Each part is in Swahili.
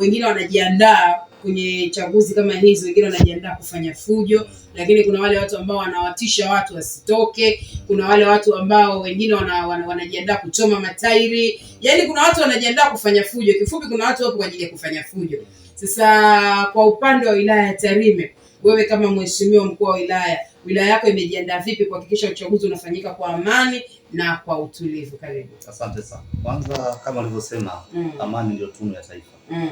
wengine wanajiandaa kwenye chaguzi kama hizi, wengine wanajiandaa kufanya fujo, lakini kuna wale watu ambao wanawatisha watu wasitoke. Kuna wale watu ambao wengine wana, wana, wanajiandaa kuchoma matairi, yani kuna watu wanajiandaa kufanya fujo. Kifupi, kuna watu wapo kwa ajili ya kufanya fujo. Sasa kwa upande wa wilaya ya Tarime wewe kama mheshimiwa mkuu wa wilaya, wilaya yako imejiandaa vipi kuhakikisha uchaguzi unafanyika kwa amani na kwa utulivu? Karibu. Asante sana. Kwanza kama alivyosema mm. amani ndio tunu ya taifa mm.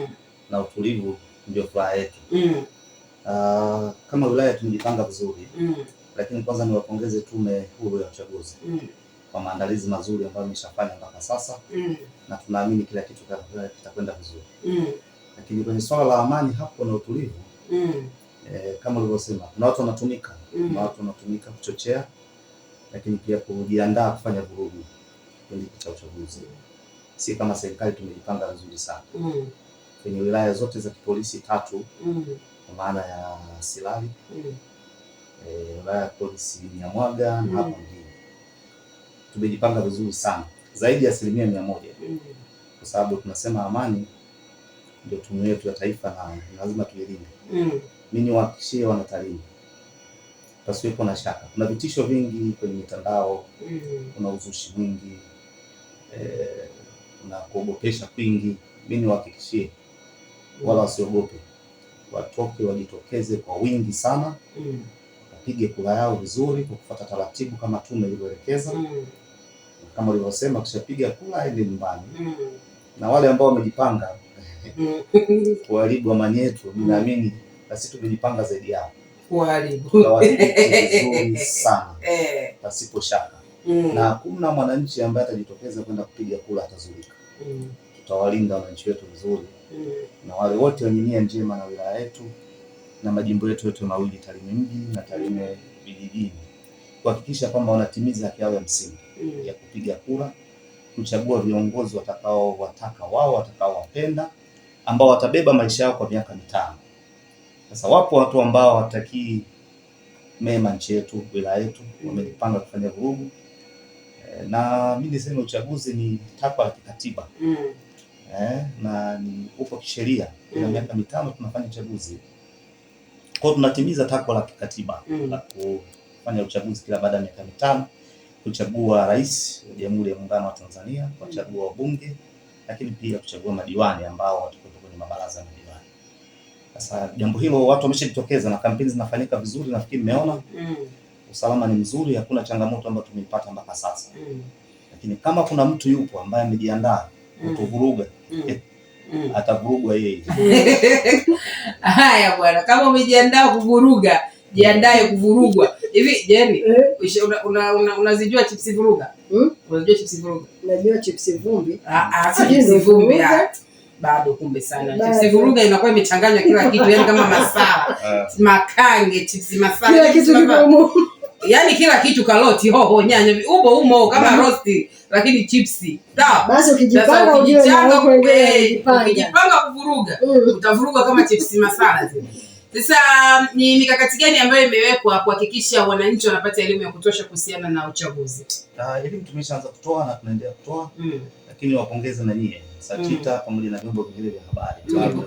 na utulivu ndio furaha yetu mm. Uh, kama wilaya tumejipanga vizuri mm. lakini kwanza niwapongeze Tume Huru ya Uchaguzi mm. kwa maandalizi mazuri ambayo imeshafanya mpaka sasa mm. na tunaamini kila kitu kitakwenda vizuri mm. lakini kwenye swala la amani hapo na utulivu mm eh, kama ulivyosema kuna watu wanatumika mm. kuna watu wanatumika kuchochea, lakini pia kujiandaa kufanya vurugu kipindi cha uchaguzi. Si kama serikali tumejipanga vizuri sana mm. kwenye wilaya zote za kipolisi tatu mm. kwa maana ya Silali mm. eh, wilaya ya polisi Nyamwaga mm. na hapa mjini tumejipanga vizuri sana zaidi ya asilimia mia moja mm. kwa sababu tunasema amani ndio tunu yetu ya taifa na lazima tuilinde mm niwahakikishie wanaTalim pasiwepo na shaka. Kuna vitisho vingi kwenye mitandao, mm-hmm. kuna uzushi mwingi e, eh, kuna kuogopesha kwingi. Mimi niwahakikishie mm-hmm. wala wasiogope, watoke wajitokeze kwa wingi sana, mm-hmm. wapige kura yao vizuri kwa kufuata taratibu kama tume ilivyoelekeza. Kama ulivyosema, kishapiga kula ende nyumbani, na wale ambao wamejipanga kuharibu amani yetu, ninaamini na sisi tumejipanga zaidi yao vizuri sana eh. pasipo shaka mm. na hakuna mwananchi ambaye atajitokeza kwenda kupiga kura atazulika mm. tutawalinda wananchi wetu vizuri mm. na wale wote wenye nia njema na wilaya yetu na majimbo yetu yote mawili Tarime mji na Tarime vijijini kuhakikisha kwamba wanatimiza haki yao ya msingi mm. ya kupiga kura kuchagua viongozi watakao wataka wao watakaowapenda ambao watabeba maisha yao kwa miaka mitano sasa wapo watu ambao hawatakii mema nchi yetu, wilaya yetu, wamejipanga kufanya vurugu e, na mimi niseme uchaguzi ni takwa la kikatiba mm. e, na ni upo kisheria ina mm. miaka mitano tunafanya uchaguzi, kwa tunatimiza takwa la kikatiba mm. la kufanya uchaguzi kila baada ya miaka mitano kuchagua rais wa Jamhuri ya Muungano wa Tanzania, kuchagua wabunge, lakini pia kuchagua madiwani ambao watakuwa kwenye mabaraza sasa jambo hilo watu wameshajitokeza na kampeni zinafanyika vizuri, nafikiri mmeona mm. Usalama ni mzuri, hakuna changamoto ambayo tumeipata mpaka sasa mm. Lakini kama kuna mtu yupo ambaye amejiandaa mm. kutuvuruga mm. Eh, mm. atavurugwa yeye. Haya bwana, kama umejiandaa kuvuruga, jiandae kuvurugwa. Hivi Jeni, eh? unazijua una, una, una chipsi vuruga? Hmm? Unajua chipsi vuruga? Najua chipsi vumbi. Ah ah, chipsi vumbi bado kumbe sana vuruga inakuwa imechanganywa kila kitu, yani kama eh. masaa uh, makange, chipsi masaa kila kitu kama, yani kila kitu, karoti, hoho, nyanya, ubo umo kama mm-hmm. rosti, lakini chipsi sawa. Basi ukijipanga, ukijipanga kuvuruga mm. utavuruga kama chipsi masala. Sasa ni mikakati gani ambayo imewekwa kuhakikisha wananchi wanapata elimu ya kutosha kuhusiana na uchaguzi? Elimu ah, tumeshaanza kutoa na tunaendelea kutoa, mm. lakini wapongeze na nyie SATITA mm. pamoja na vyombo vingine vya habari mm.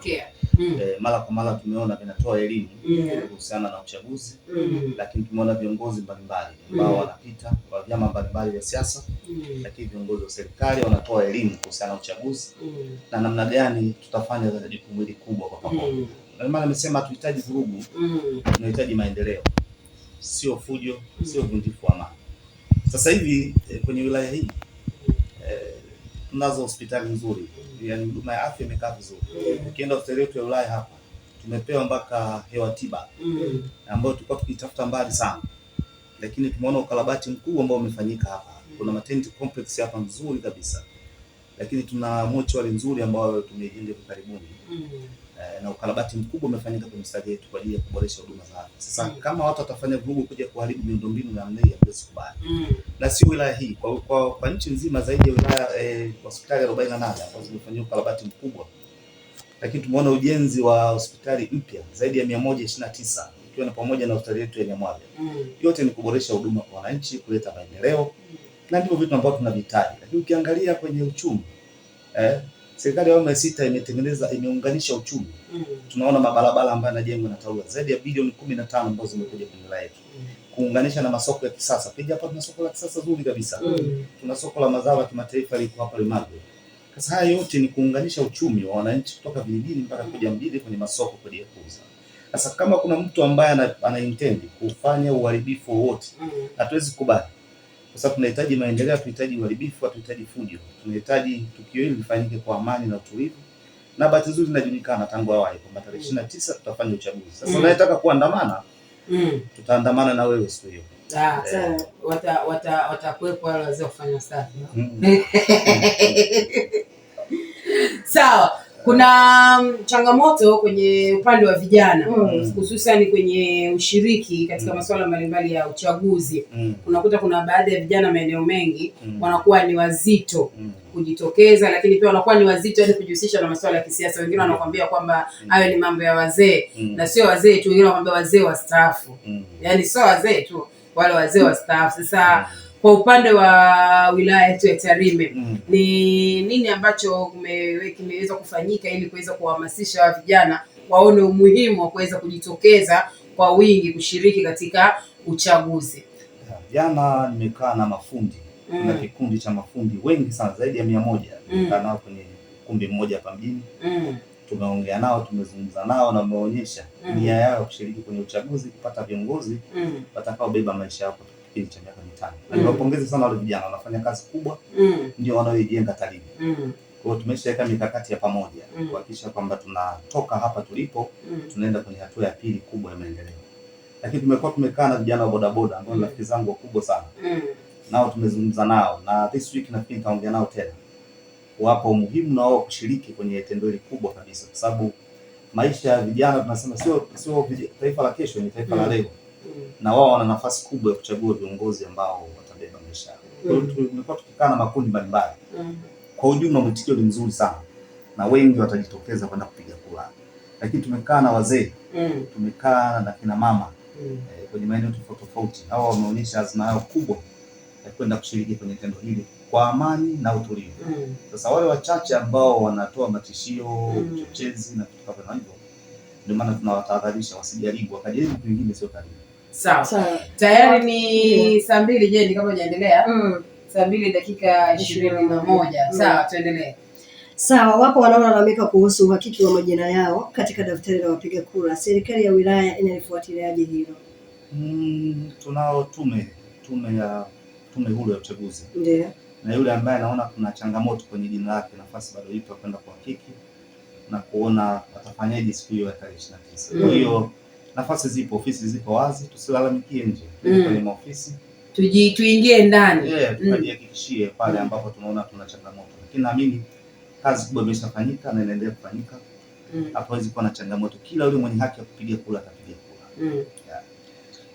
mm. Eh, mara kwa mara tumeona vinatoa elimu mm. kuhusiana na uchaguzi mm. Lakini tumeona viongozi mbalimbali ambao mm. wanapita kwa vyama mbalimbali vya siasa mm. Lakini viongozi wa serikali wanatoa elimu kuhusiana na uchaguzi mm. na namna gani tutafanya jukumu hili kubwa kwa pamoja mm. maana nimesema vurugu mm. tunahitaji maendeleo, sio fujo, sio vunjifu wa amani. Sasa hivi eh, kwenye wilaya hii tunazo hospitali nzuri, yani huduma ya afya imekaa vizuri. Ukienda hospitali yetu ya Ulaya hapa tumepewa mpaka hewa tiba ambayo tulikuwa tukitafuta mbali sana, lakini tumeona ukarabati mkubwa ambao umefanyika hapa. Kuna matenti complex hapa nzuri kabisa, lakini tuna mochwari nzuri ambayo tumeijenga karibuni. Eh, na ukarabati mkubwa umefanyika kwenye stadi yetu kwa ajili ya kuboresha huduma za afya. Sasa mm. kama watu watafanya vurugu kuja kuharibu miundombinu na ya hatuwezi kubali mm. na sio wilaya hii kwa, kwa, kwa nchi nzima zaidi ya wilaya eh, hospitali eh, arobaini na nane ambazo zimefanyiwa ukarabati mkubwa, lakini tumeona ujenzi wa hospitali mpya zaidi ya mia moja ishirini na tisa ikiwa ni pamoja na hospitali yetu ya Nyamwaga mm. yote ni kuboresha huduma kwa wananchi, kuleta maendeleo mm. na ndivyo vitu ambavyo tunavihitaji, lakini ukiangalia kwenye uchumi eh, serikali ya awamu ya sita imetengeneza imeunganisha uchumi mm. Tunaona mabarabara ambayo yanajengwa na TARURA zaidi ya bilioni kumi na tano ambazo zimekuja kwenye wilaya yetu mm. Kuunganisha na masoko ya kisasa pia, hapa tuna soko la kisasa zuri kabisa mm. Tuna soko la mazao ya kimataifa liko hapa Limago. Sasa haya yote ni kuunganisha uchumi wa wananchi kutoka vijijini mpaka kuja mjini kwenye masoko kwa ajili ya kuuza. Sasa kama kuna mtu ambaye ana, ana intend kufanya uharibifu wowote mm. hatuwezi kubali kwa sababu tunahitaji maendeleo, tunahitaji uharibifu, hatuhitaji fujo. Tunahitaji tukio hili lifanyike kwa amani na utulivu, na bahati nzuri inajulikana tangu awali kwamba tarehe ishirini na tisa tutafanya uchaguzi. Sasa mm. unayetaka kuandamana mm. tutaandamana na wewe siku hiyo. Ah, eh. watakuwepo wale wazee kufanya safi. Mm. Mm. Sawa. Kuna mm, changamoto kwenye upande wa vijana mm. hususan mm. kwenye ushiriki katika mm. masuala mbalimbali ya uchaguzi mm. unakuta kuna baadhi ya vijana maeneo mengi mm. wanakuwa ni wazito mm. kujitokeza, lakini pia wanakuwa ni wazito hadi kujihusisha na masuala ya kisiasa. Wengine mm. wanakuambia kwamba hayo ni mambo ya wazee mm. na sio wazee tu, wengine wanakuambia wazee wastaafu mm. yaani sio wazee tu, wale wazee wastaafu sasa mm. Kwa upande wa wilaya yetu ya Tarime mm. ni nini ambacho kimeweza kufanyika ili kuweza kuwahamasisha vijana waone umuhimu wa kuweza kujitokeza kwa wingi kushiriki katika uchaguzi? Jana nimekaa na mafundi mm. na kikundi cha mafundi wengi sana zaidi ya mia moja mm. nimekaa mm. nao kwenye kumbi mmoja hapa mjini mm. tumeongea nao, tumezungumza nao na wameonyesha mm. nia yao ya kushiriki kwenye uchaguzi, kupata viongozi mm. watakaobeba maisha yao kipindi cha miaka mitano mm. na niwapongeze sana wale vijana wanafanya kazi kubwa mm. ndio wanaoijenga Tarime mm. kwa hiyo tumeshaweka mikakati ya pamoja mm. kuhakikisha kwamba tunatoka hapa tulipo mm. tunaenda kwenye hatua ya pili kubwa ya maendeleo, lakini tumekuwa tumekaa na vijana wa bodaboda ambao ni mm. rafiki zangu wakubwa sana mm. nao tumezungumza nao na this week nafikiri nitaongea nao tena wapa umuhimu na wao kushiriki kwenye tendo hili kubwa kabisa, kwa sababu maisha ya vijana tunasema sio sio taifa la kesho, ni taifa mm. la leo na wao wana nafasi kubwa ya kuchagua viongozi ambao watabeba maisha yao. Kwa hiyo Tumekuwa tukikaa na makundi mbalimbali mm. kwa ujumla mwitikio ni mzuri sana, na wengi watajitokeza kwenda kupiga kura, lakini tumekaa na wazee mm. tumekaa na kina mama mm. eh, kwenye maeneo tofauti tofauti, hao wameonyesha azma yao kubwa ya kwenda kushiriki kwenye tendo hili kwa amani na utulivu. Mm. Sasa mm. wale wachache ambao wanatoa matishio mm. uchochezi na vitu kama hivyo, ndio maana tunawatahadharisha wasijaribu, wakajaribu vingine sio karibu sawa. Tayari ni saa mbili. Je, ni kama ujaendelea mm. saa mbili dakika ishirini na moja. Sawa, mm. tuendelee. Sawa, wapo wanaolalamika kuhusu uhakiki wa majina yao katika daftari la wapiga kura. Serikali ya wilaya inalifuatiliaje hilo? Mm, tunao tume tume ya tume huru ya uchaguzi ndio, na yule ambaye anaona kuna changamoto kwenye jina lake, nafasi bado ipo kwenda kuhakiki na kuona atafanyaje siku hiyo ya tarehe ishirini na tisa. Kwa hiyo mm nafasi zipo, ofisi zipo wazi, tusilalamikie nje mm. kwenye maofisi tuji tuingie ndani yeah, tukajihakikishie mm. pale mm. ambapo tunaona tuna changamoto, lakini naamini kazi kubwa imeshafanyika na inaendelea kufanyika mm. kuwa na changamoto. Kila yule mwenye haki ya kupiga kura atapiga kura mm. yeah.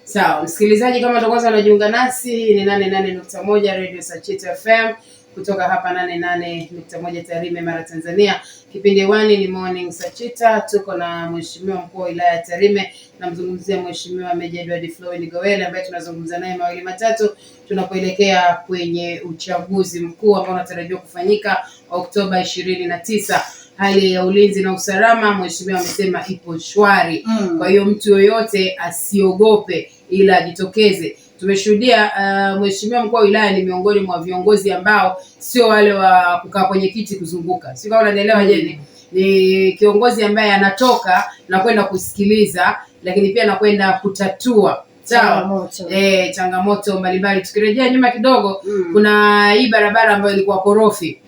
Sawa, so, msikilizaji, kama utakuwa unajiunga nasi ni nane nane nukta moja Radio Sachita FM kutoka hapa nane nane nukta moja Tarime, Mara, Tanzania. Kipindi hewani ni Morning Sachita, tuko na mheshimiwa mkuu wa wilaya ya Tarime, namzungumzia mheshimiwa Meja Edward Floyd Gowele ambaye tunazungumza naye mawili matatu tunapoelekea kwenye uchaguzi mkuu ambao unatarajiwa kufanyika Oktoba ishirini na tisa. Hali ya ulinzi na usalama mheshimiwa amesema ipo shwari mm. Kwa hiyo mtu yoyote asiogope, ila ajitokeze tumeshuhudia uh, mheshimiwa mkuu wa wilaya ni miongoni mwa viongozi ambao sio wale wa kukaa kwenye kiti kuzunguka, sio kama unanielewa jeni, ni kiongozi ambaye anatoka na kwenda kusikiliza, lakini pia anakwenda kutatua sawa eh, changamoto mbalimbali. Tukirejea nyuma kidogo mm. kuna hii barabara ambayo ilikuwa korofi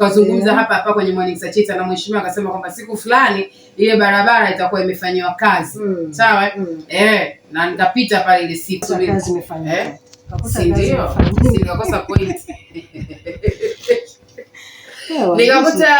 tukazungumza hapa hapa kwenye Morning Sachita na mheshimiwa akasema kwamba siku fulani ile barabara itakuwa imefanyiwa kazi mm. sawa, mm. eh, na nikapita pale ile siku eh? eh, nikakuta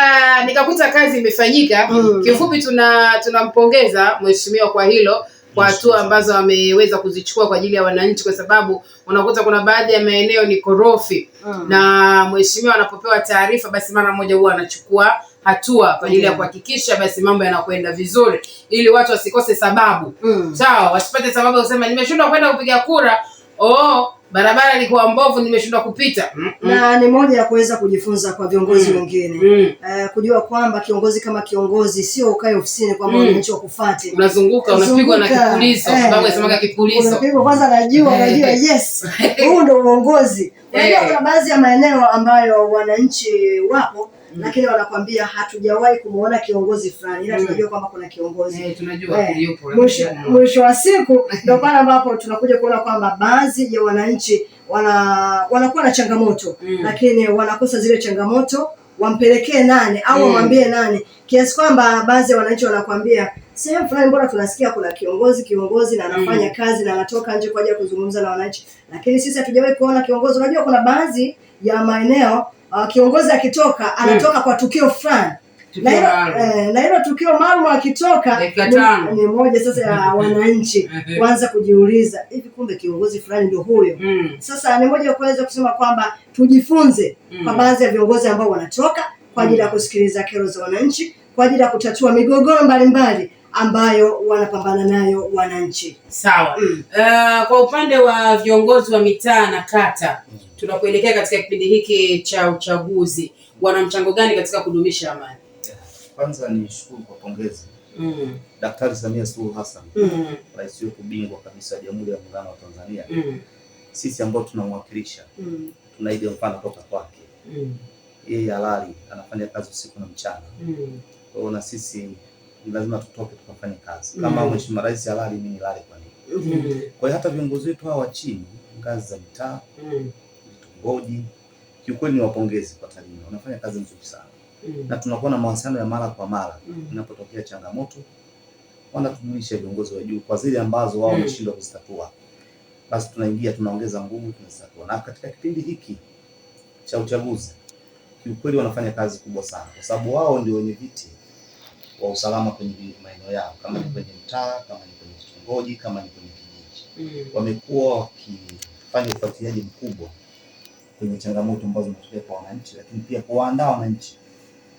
nikakuta kazi imefanyika. mm. tuna tunampongeza mheshimiwa kwa hilo kwa hatua ambazo wameweza kuzichukua kwa ajili ya wananchi, kwa sababu unakuta kuna baadhi ya maeneo ni korofi mm. na mheshimiwa anapopewa taarifa, basi mara moja huwa anachukua hatua kwa ajili ya mm. kuhakikisha basi mambo yanakwenda vizuri, ili watu wasikose sababu mm. sawa, mm. wasipate sababu ya kusema nimeshindwa kwenda kupiga kura oh barabara ilikuwa mbovu, nimeshindwa kupita mm -mm. na ni moja ya kuweza kujifunza kwa viongozi mm. wengine mm -mm. uh, kujua kwamba kiongozi kama kiongozi sio ukae ofisini kwamba wananchi mm. wakufuate, unazunguka unapigwa na kipulizo eh, kipulizo unapigwa kwanza, najua eh. najua yes, huu ndio uongozi. Unajua eh. kuna baadhi ya maeneo ambayo wananchi wapo Mm. lakini wanakwambia hatujawahi kumuona kiongozi fulani, ila mm. tunajua kwamba kuna kiongozi eh, tunajua eh, mwisho wa siku ndio pale ambapo tunakuja kuona kwamba baadhi ya wananchi wana wanakuwa na changamoto mm. lakini wanakosa zile changamoto wampelekee nani au mm. wamwambie mm. nani, kiasi kwamba baadhi ya wananchi wanakwambia sehemu fulani, mbona tunasikia kuna kiongozi kiongozi na anafanya mm. kazi na anatoka nje kwa ajili ya kuzungumza na wananchi, lakini sisi hatujawahi kuona kiongozi. Unajua, kuna baadhi ya maeneo uh, kiongozi akitoka anatoka hmm. kwa tukio fulani eh, na hilo tukio maalum akitoka ni moja sasa ya hmm. wananchi hmm. kuanza kujiuliza hivi, kumbe kiongozi fulani ndio huyo. mm. Sasa ni moja ya kuweza kusema kwamba tujifunze mm. kwa baadhi ya viongozi ambao wanatoka kwa ajili ya mm. kusikiliza kero za wananchi kwa ajili ya kutatua migogoro mbalimbali ambayo wanapambana nayo wananchi. Sawa. mm. Uh, kwa upande wa viongozi wa mitaa na kata mm tunapoelekea katika kipindi hiki cha uchaguzi, wana mchango gani katika kudumisha amani? Kwanza ni shukuru kwa pongezi mm. Daktari Samia Suluhu Hassan mm. rais wetu bingwa kabisa wa Jamhuri ya Muungano wa Tanzania mm. sisi ambao tunamwakilisha mm. tunaiga mfano toka kwake mm. yeye halali anafanya kazi usiku na mchana mm. kwa hiyo na sisi lazima tutoke tukafanye kazi mm. kama mm. mheshimiwa rais halali, mimi nilale kwa nini? mm. kwa hiyo hata viongozi wetu hawa wa chini ngazi za mitaa mm bodi, kiukweli ni wapongezi kwa TARURA, wanafanya kazi nzuri sana mm. na tunakuwa na mawasiliano ya mara kwa mara mm. inapotokea changamoto wanatujulisha viongozi wa juu kwa zile ambazo wao mm. wameshindwa mm. kuzitatua, basi tunaingia tunaongeza nguvu tunazitatua. Na katika kipindi hiki cha uchaguzi kiukweli wanafanya kazi kubwa sana, kwa sababu wao ndio wenye viti wa usalama kwenye maeneo yao, kama ni kwenye mtaa, kama ni kwenye kitongoji, kama ni kwenye kijiji mm. wamekuwa wakifanya ufuatiliaji mkubwa kwenye changamoto ambazo zinatokea kwa wananchi, lakini pia kuwaandaa wananchi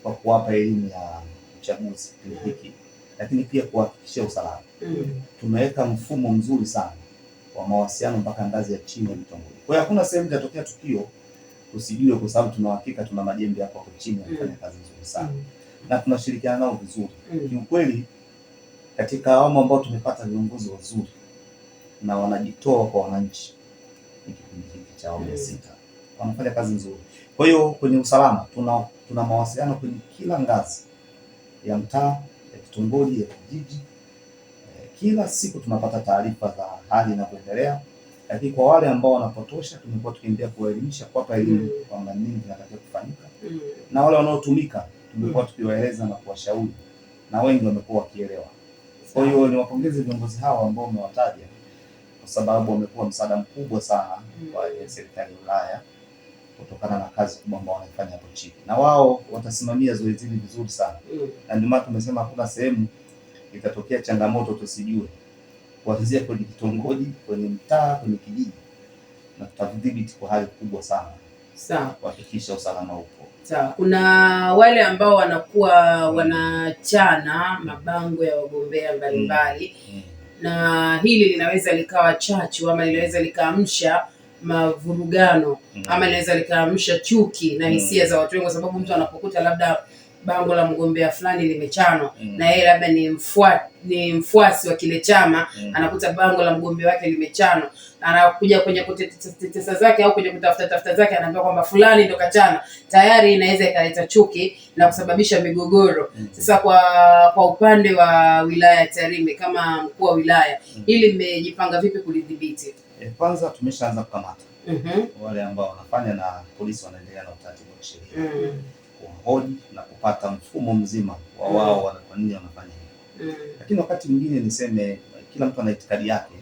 kwa kuwapa elimu ya uchaguzi kipindi hiki, lakini pia kuhakikishia usalama. Mm. Tumeweka mfumo mzuri sana wa mawasiliano mpaka ngazi ya chini ya vitongoji. Kwa hiyo hakuna sehemu itatokea tukio usijue, kwa sababu tuna tuna majembe hapo hapo chini yanafanya mm. kazi nzuri sana mm. na tunashirikiana nao vizuri kiukweli. Katika awamu ambao tumepata viongozi wazuri na wanajitoa kwa wananchi ni kipindi hiki cha awamu ya sita wanafanya kazi nzuri. Kwa hiyo kwenye usalama tuna, tuna mawasiliano kwenye kila ngazi ya mtaa, ya kitongoji, ya kijiji. Eh, kila siku tunapata taarifa za hali inavyoendelea, lakini kwa wale ambao wanapotosha, tumekuwa tukiendelea kuwaelimisha, kuwapa elimu mm. kwamba nini kinatakiwa kufanyika, mm. na wale wanaotumika tumekuwa tukiwaeleza na kuwashauri, na wengi wamekuwa wakielewa. Kwa hiyo niwapongeze viongozi hawa ambao umewataja kwa sababu wamekuwa msaada mkubwa sana mm. kwa serikali ya wilaya kutokana na kazi kubwa ambayo wanaifanya hapo chini, na wao watasimamia zoezi hili vizuri sana mm. na ndio maana tumesema hakuna sehemu itatokea changamoto tusijue, kuanzia kwenye kitongoji, kwenye mtaa, kwenye kijiji, na tutadhibiti kwa hali kubwa sana sawa, kuhakikisha usalama upo sawa. Kuna wale ambao wanakuwa wanachana mabango ya wagombea mm. mbalimbali mm. mm. na hili linaweza likawa chachu ama linaweza likaamsha mavurugano mm. ama inaweza likaamsha chuki na mm. hisia mm. za watu wengi, kwa sababu mtu anapokuta labda bango la mgombea fulani limechanwa mm. na yeye labda ni mfuat, ni mfuasi wa kile chama mm. anakuta bango la mgombea wake limechanwa, anakuja kwenye kutetesa zake au kwenye kutafuta tafuta zake, anaambiwa kwamba fulani ndo kachana. Tayari inaweza ikaleta chuki na kusababisha migogoro mm. Sasa kwa kwa upande wa wilaya ya Tarime, kama mkuu wa wilaya, mm. ili mmejipanga vipi kulidhibiti? Eh, kwanza tumeshaanza kukamata mm -hmm. wale ambao wanafanya na polisi wanaendelea na utaratibu wa sheria mm -hmm. kuhoji na kupata mfumo mzima wa mhm. wao mm -hmm. kwa nini wanafanya hivyo mm -hmm. lakini wakati mwingine niseme, kila mtu ana itikadi yake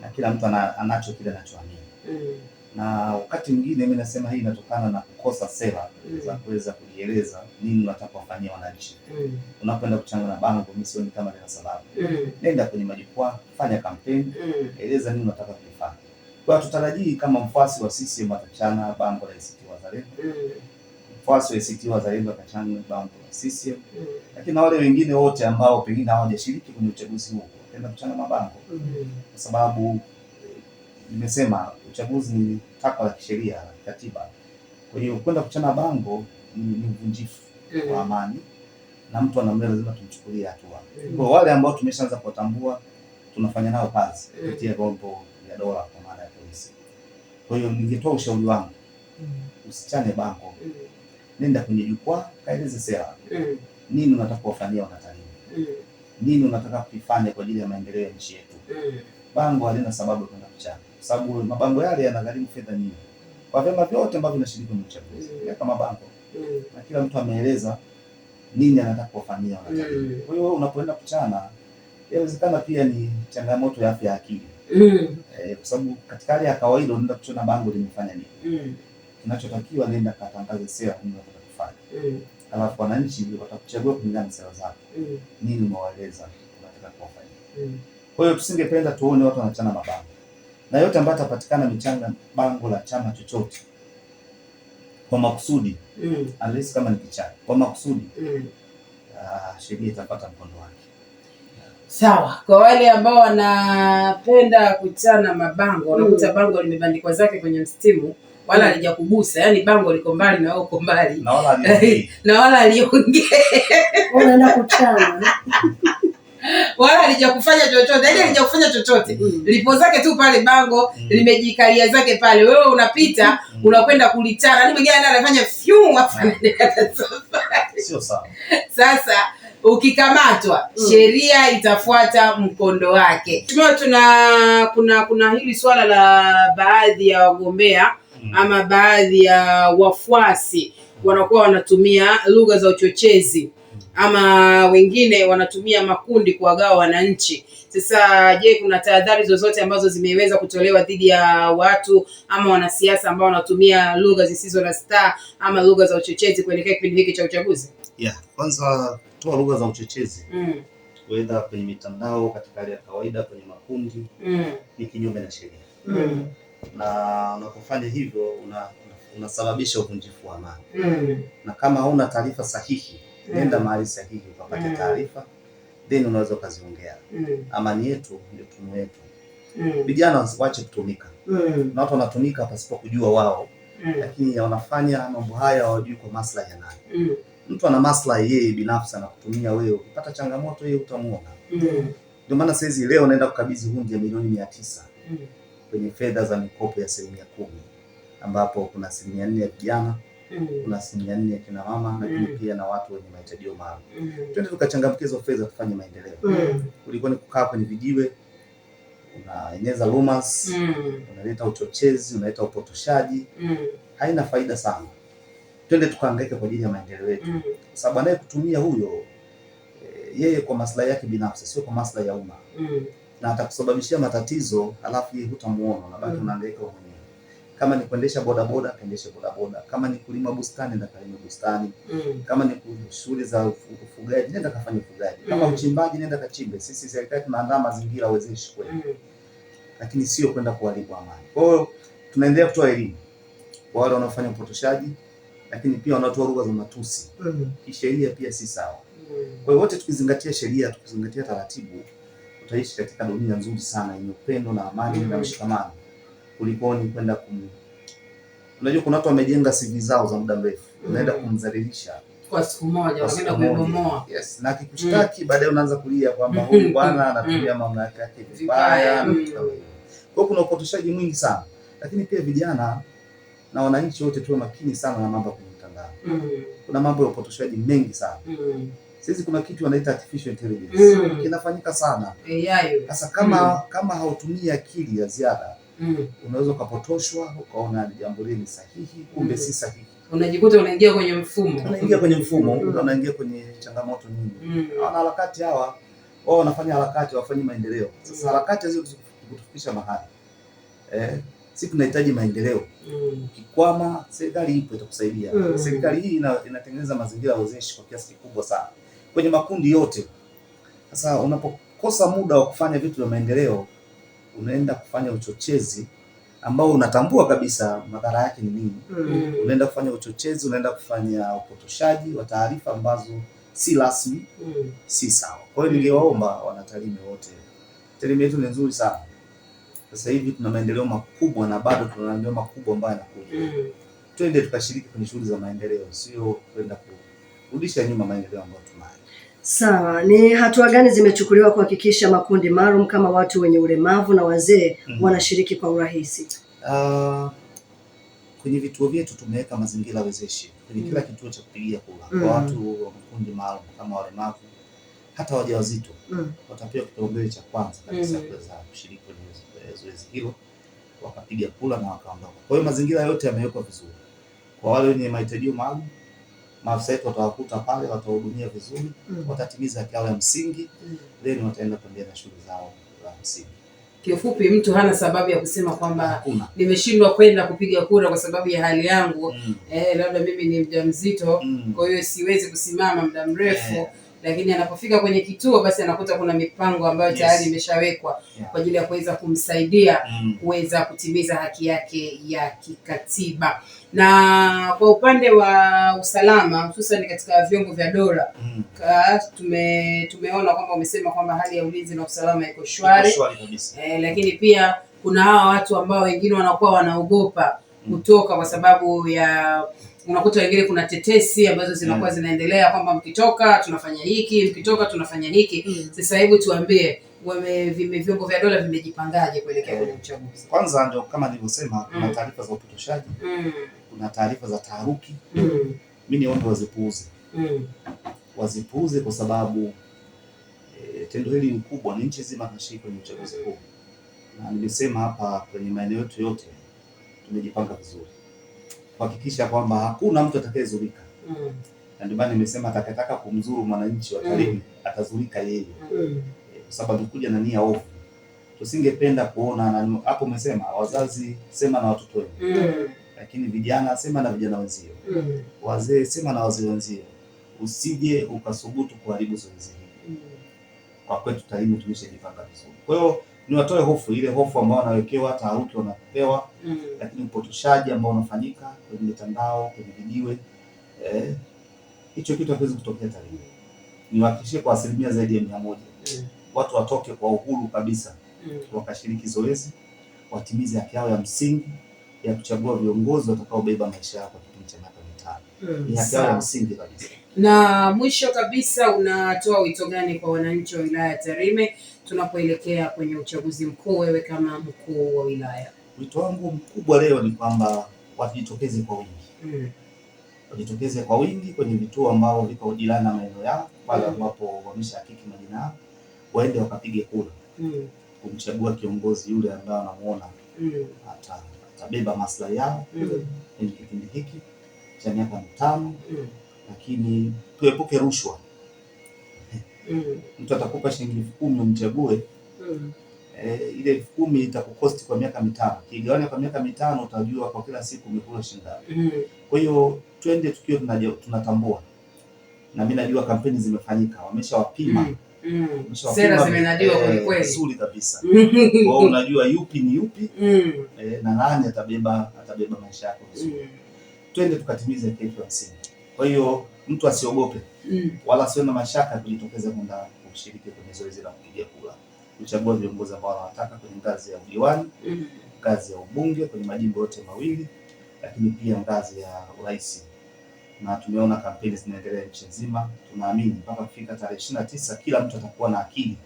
na kila mtu anacho kile anachoamini mm -hmm na wakati mwingine mimi nasema hii inatokana na kukosa sera mm. za kuweza kujieleza nini unataka wafanyia wananchi mm. unapoenda kuchanga na bango, mimi sioni kama Dar sababu mm. nenda kwenye majukwaa, fanya kampeni mm. eleza nini unataka kufanya. Kwa tutarajii kama mfuasi wa CCM atachana bango la ACT Wazalendo mm. mfuasi wa ACT Wazalendo atachana bango la CCM mm. lakini na wale wengine wote ambao pengine hawajashiriki kwenye uchaguzi huu wataenda kuchana mabango mm. kwa sababu nimesema uchaguzi ni takwa la kisheria la kikatiba. Kwa hiyo kwenda kuchana bango ni uvunjifu eh. wa amani na mtu anamle, lazima tumchukulie hatua eh. kwa wale ambao tumeshaanza kuwatambua, tunafanya nao kazi eh. kupitia mm. vyombo vya dola kwa maana ya polisi. Kwa hiyo ningetoa ushauri wangu mm. usichane bango nenda kwenye jukwaa, kaeleze sera nini unataka kuwafanyia Wanatalii nini unataka kuifanya kwa ajili ya maendeleo ya nchi yetu bango halina sababu kwenda kuchana kwa sababu mabango yale yanagharimu fedha nyingi kwa vyama vyote ambavyo vinashiriki kwenye uchaguzi mm. miaka mabango mm. na kila mtu ameeleza nini anataka kuwafanyia mm. Kwa hiyo unapoenda kuchana, inawezekana pia ni changamoto ya afya ya akili mm. e, kwa sababu katika hali ya kawaida unaenda kuchana bango limefanya nini mm. kinachotakiwa nenda katangaze sera unataka kufanya mm. alafu wananchi watakuchagua kulingana na sera zako mm. nini umewaeleza unataka kuwafanyia mm. kwa hiyo tusingependa tuone watu wanachana mabango na yote ambayo atapatikana michanga bango la chama chochote kwa makusudi mm. Unless kama ni kichana kwa makusudi mm. Uh, sheria itapata mkondo wake sawa. Kwa wale ambao wanapenda kuchana mabango wanakuta mm. bango limebandikwa zake kwenye mstimu wala mm. alijakugusa, yani bango liko mbali na wewe uko mbali na wala aliongee, unaenda kuchana wala halijakufanya chochote, yani halijakufanya chochote mm. lipo zake tu pale bango mm. limejikalia zake pale, wewe unapita mm. unakwenda kulitana, ni yaani mwingine anafanya fyu mm. sio sawa. Sasa ukikamatwa mm. sheria itafuata mkondo wake. Tuna kuna kuna hili swala la baadhi ya wagombea mm. ama baadhi ya wafuasi wanakuwa wanatumia lugha za uchochezi ama wengine wanatumia makundi kuwagawa wananchi. Sasa je, kuna tahadhari zozote ambazo zimeweza kutolewa dhidi ya watu ama wanasiasa ambao wanatumia lugha zisizo na staa ama lugha za uchochezi kuelekea kipindi hiki cha uchaguzi? Yeah, kwanza toa lugha za uchochezi mm. Kuenda kwenye mitandao katika hali ya kawaida kwenye makundi mm. ni kinyume na sheria mm. na unapofanya hivyo unasababisha una uvunjifu wa amani mm. na kama hauna taarifa sahihi nenda mm. mahali sahihi ukapata mm. taarifa, then unaweza ukaziongea mm. amani yetu ndio tunu yetu mm. vijana wache kutumika mm. na watu wanatumika pasipo kujua wao mm. lakini wanafanya mambo haya hawajui kwa maslahi ya nani mm. mtu ana maslahi yeye binafsi anakutumia wewe, ukipata changamoto yeye utamuona mm. ndio maana saizi leo naenda kukabidhi hundi ya milioni mia tisa mm. kwenye fedha za mikopo ya asilimia kumi ambapo kuna asilimia nne ya vijana Mm-hmm. kuna ya nne ya kina mama, lakini mm-hmm. pia na watu wenye mahitaji maalum. Mm-hmm. Twende tukachangamkia hizo fedha tufanye maendeleo. Kulikuwa ni kukaa kwenye vijiwe unaeneza rumors, unaleta uchochezi, unaleta upotoshaji, haina faida sana. Twende tukaangaike kwa ajili ya maendeleo yetu, sababu anayekutumia huyo eh, yeye kwa maslahi yake binafsi, sio kwa maslahi ya umma, na atakusababishia matatizo, alafu yeye hutamuona, unabaki unaangaika mwenyewe. Kama ni kuendesha bodaboda akaendeshe bodaboda, kama ni kulima bustani na kalime bustani mm. kama ni shughuli za ufugaji nenda kafanya ufugaji mm. kama uchimbaji nenda kachimbe. Sisi serikali tunaandaa mazingira wezeshi kwetu mm. lakini sio kwenda kuharibu amani. Kwa hiyo tunaendelea kutoa elimu kwa wale wanaofanya upotoshaji, lakini pia wanatoa lugha za matusi mm. kisheria pia si sawa mm. kwa hiyo wote tukizingatia sheria, tukizingatia taratibu, tutaishi katika dunia nzuri sana yenye upendo na amani mm. na mshikamano kuliko ni kwenda kum unajua kuna watu wamejenga CV zao za muda mrefu, mm. unaenda mm. kumdhalilisha kwa siku moja, unaenda kumbomoa. Yes, na kikushtaki mm. baadaye unaanza kulia kwamba huyu mm. bwana mm. anatumia mamlaka yake vibaya. mm. Kwa kuna upotoshaji mwingi sana, lakini pia vijana na wananchi wote tuwe makini sana na mambo ya mtandao. mm. Kuna mambo ya upotoshaji mengi sana. mm. Sisi kuna kitu wanaita artificial intelligence mm. kinafanyika sana. Sasa kama mm. kama hautumii akili ya ziada mm. unaweza ukapotoshwa ukaona jambo lile ni sahihi, kumbe mm. si sahihi. Unajikuta unaingia kwenye mfumo, unaingia kwenye mfumo mm. unaingia kwenye changamoto nyingi mm. na harakati hawa wao wanafanya harakati, wafanyi maendeleo. Sasa mm. harakati mm. hizo kutufikisha mahali eh, si tunahitaji maendeleo mm. Kikwama serikali ipo itakusaidia mm. Serikali hii ina, inatengeneza mazingira wezeshi kwa kiasi kikubwa sana kwenye makundi yote. Sasa unapokosa muda wa kufanya vitu vya maendeleo unaenda kufanya uchochezi ambao unatambua kabisa madhara yake ni nini. Mm. mm. Unaenda kufanya uchochezi, unaenda kufanya upotoshaji wa taarifa ambazo si rasmi, mm. si sawa. Kwa hiyo ningewaomba wanatarime wote, Tarime yetu ni nzuri sana. Sasa hivi tuna maendeleo makubwa na bado tuna maendeleo makubwa ambayo yanakuja. Mm. Twende tukashiriki kwenye shughuli za maendeleo, sio kwenda kurudisha nyuma maendeleo ambayo tunayo. Sawa, ni hatua gani zimechukuliwa kuhakikisha makundi maalum kama watu wenye ulemavu na wazee mm -hmm. wanashiriki kwa urahisi? Uh, kwenye vituo vyetu tumeweka mazingira wezeshi kwenye kila mm -hmm. kituo cha kupigia kura mm -hmm. kwa watu wa makundi maalum kama walemavu hata wajawazito mm -hmm. watapewa kipaumbele cha kwanza kabisa mm -hmm. kuweza kushiriki kwenye zoezi hilo, wakapiga kura na wakaondoka. Kwa hiyo mazingira yote yamewekwa vizuri kwa wale wenye mahitaji maalum maafisa wetu watawakuta pale, watahudumia vizuri mm. watatimiza haki yao ya msingi mm. then wataenda kuendelea na shughuli zao za msingi. kifupi mtu hana sababu ya kusema kwamba nimeshindwa kwenda kupiga kura kwa sababu ya hali yangu mm. eh, labda mimi ni mjamzito mm. kwa hiyo siwezi kusimama muda mrefu yeah lakini anapofika kwenye kituo basi anakuta kuna mipango ambayo tayari imeshawekwa yeah. kwa ajili ya kuweza kumsaidia mm. kuweza kutimiza haki yake ya kikatiba. Na kwa upande wa usalama, hususan katika vyombo vya dola mm. tume, tumeona kwamba umesema kwamba hali ya ulinzi na usalama iko shwari eh, lakini pia kuna hawa watu ambao wengine wanakuwa wanaogopa kutoka kwa sababu ya unakuta wengine kuna tetesi ambazo zinakuwa mm. zinaendelea kwamba mkitoka tunafanya hiki, mkitoka tunafanya hiki mm. Sasa hebu tuambie wame vyombo vya dola vimejipangaje kuelekea kwenye uchaguzi? Kwanza ndio kama nilivyosema, kuna mm. taarifa za upotoshaji mm. kuna taarifa za taharuki mm. mimi niombe wazipuuze mm. wazipuuze kwa sababu e, tendo hili ni kubwa, ni nchi zima tunashiriki kwenye uchaguzi huu, na nimesema hapa kwenye maeneo yetu yote tumejipanga vizuri kuhakikisha kwamba hakuna mtu atakayezurika mm. na ndio maana nimesema atakataka kumzuru mwananchi wa Tarime mm. atazurika yeye mm. Eh, kwa sababu alikuja na nia ovu. Tusingependa kuona hapo, umesema wazazi sema na watoto wenu mm. lakini vijana sema na vijana wenzio mm. wazee sema na wazee wenzio, usije ukasubutu kuharibu zoezi hili mm. kwa kwetu Tarime tumeshajipanga vizuri, kwa hiyo niwatoe hofu ile hofu ambayo wanawekewa, taharuki wanapewa mm. Lakini upotoshaji ambao unafanyika kwenye mitandao, kwenye vijiwe, eh, hicho eh, kitu hakiwezi kutokea Tarime. Niwahakikishie kwa asilimia zaidi ya mia moja mm. watu watoke kwa uhuru kabisa mm. wakashiriki zoezi, watimize haki yao ya msingi ya kuchagua viongozi watakaobeba maisha yao kwa kipindi cha miaka mitano. Mm, Ni haki yao ya msingi kabisa. Na mwisho kabisa, unatoa wito gani kwa wananchi wa wilaya ya Tarime? tunapoelekea kwenye uchaguzi mkuu, wewe kama mkuu wa wilaya? Wito wangu mkubwa leo ni kwamba wajitokeze kwa wingi mm. wajitokeze kwa wingi kwenye vituo ambavyo viko jirani na maeneo yao, pale hmm. ambapo wamesha hakiki majina yao, waende wakapige kura mm. kumchagua kiongozi yule ambaye anamuona mm. atabeba maslahi yao mm. kwenye kipindi hiki cha miaka mitano mm. lakini tuepuke rushwa mm. mtu atakupa shilingi elfu kumi umchague mm. eh, ile elfu kumi itakukosti kwa miaka mitano. Kigawanya kwa miaka mitano, utajua kwa kila siku umekula shingapi mm. kwa hiyo twende tukiwa tunatambua, na mimi najua kampeni zimefanyika, wameshawapima mm. Mm. Sera zimenadiwa kwa eh, kweli. Nzuri kabisa. Mm. Kwa hiyo unajua yupi ni yupi mm. e, na nani atabeba atabeba maisha yako vizuri. Mm. Twende tukatimize kesho msingi. Kwa hiyo mtu asiogope mm. wala asiwe na mashaka kujitokeza kwenda kushiriki kwenye zoezi la kupiga kura, kuchagua viongozi ambao wanawataka kwenye ngazi ya udiwani mm. ngazi ya ubunge kwenye majimbo yote mawili, lakini pia ngazi ya urais na tumeona kampeni zinaendelea nchi nzima. Tunaamini mpaka kufika tarehe ishirini na tisa kila mtu atakuwa na akili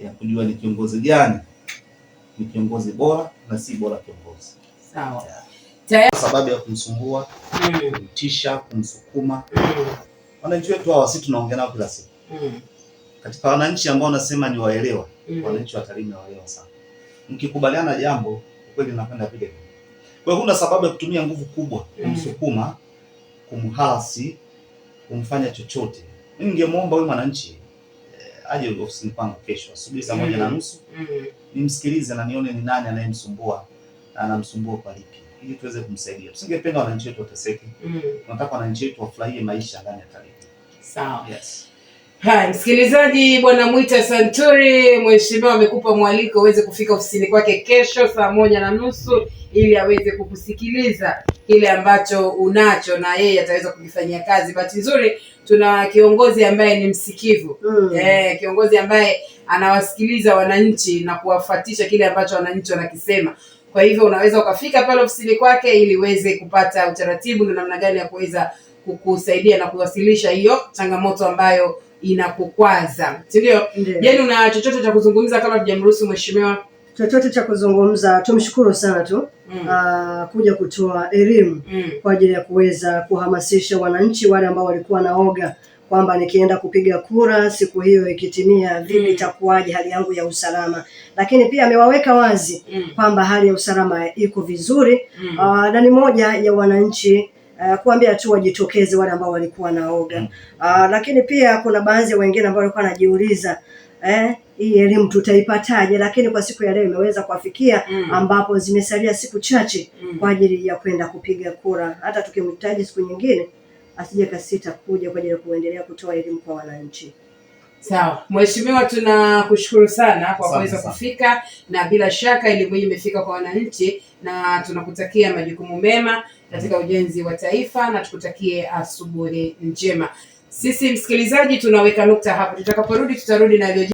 ya kujua ni kiongozi gani ni kiongozi bora na si bora kiongozi. Sawa kwa sababu ya kumsumbua, mm. kumtisha, kumsukuma. Mm. Wananchi wetu hawa sisi tunaongea nao kila siku. Mm. Katika wananchi ambao nasema ni waelewa, wananchi wa Tarime waelewa sana. Mkikubaliana jambo kweli nakwenda vile. Kwa hiyo kuna sababu ya kutumia nguvu kubwa kumsukuma, kumhasi, kumfanya chochote. Mimi ningemwomba huyu mwananchi eh, aje ofisini kwangu kesho asubuhi saa moja na nusu nimsikilize na nione ni nani anayemsumbua na anamsumbua kwa lipi ili tuweze kumsaidia. Tusingependa wananchi wetu wateseke. Mm. Tunataka mm. wananchi wetu wafurahie maisha ndani ya Tarime. Sawa. Yes. Hai, msikilizaji, Bwana Mwita Santuri mheshimiwa amekupa mwaliko uweze kufika ofisini kwake kesho saa moja na nusu ili aweze kukusikiliza kile ambacho unacho na yeye ataweza kukifanyia kazi. Bahati nzuri tuna kiongozi ambaye ni msikivu mm. Eh, kiongozi ambaye anawasikiliza wananchi na kuwafuatisha kile ambacho wananchi wanakisema. Kwa hivyo unaweza ukafika pale ofisini kwake ili uweze kupata utaratibu na namna gani ya kuweza kukusaidia na kuwasilisha hiyo changamoto ambayo inakukwaza, si ndio? Je, yaani una chochote cha kuzungumza kama tujamruhusu mheshimiwa? Chochote cha kuzungumza, tumshukuru sana tu mm. Aa, ah, kuja kutoa elimu mm. kwa ajili ya kuweza kuhamasisha wananchi wale ambao walikuwa naoga kwamba nikienda kupiga kura siku hiyo ikitimia, vipi mm. itakuwaje hali yangu ya usalama. Lakini pia amewaweka wazi mm. kwamba hali ya usalama iko vizuri uh, na ni moja ya wananchi Uh, kuambia tu wajitokeze wale ambao walikuwa naoga mm. Uh, lakini pia kuna baadhi ya wengine ambao walikuwa wanajiuliza eh, hii elimu tutaipataje? Lakini kwa siku ya leo imeweza kuwafikia mm. ambapo zimesalia siku chache mm. kwa ajili ya kwenda kupiga kura. Hata tukimhitaji siku nyingine asije kasita kuja kwa ajili ya kuendelea kutoa elimu kwa wananchi. Sawa, Mheshimiwa, tunakushukuru sana kwa kuweza kufika na bila shaka elimu hii imefika kwa wananchi, na tunakutakia majukumu mema katika ujenzi wa taifa na tukutakie asubuhi njema. Sisi msikilizaji, tunaweka nukta hapo, tutakaporudi tutarudi na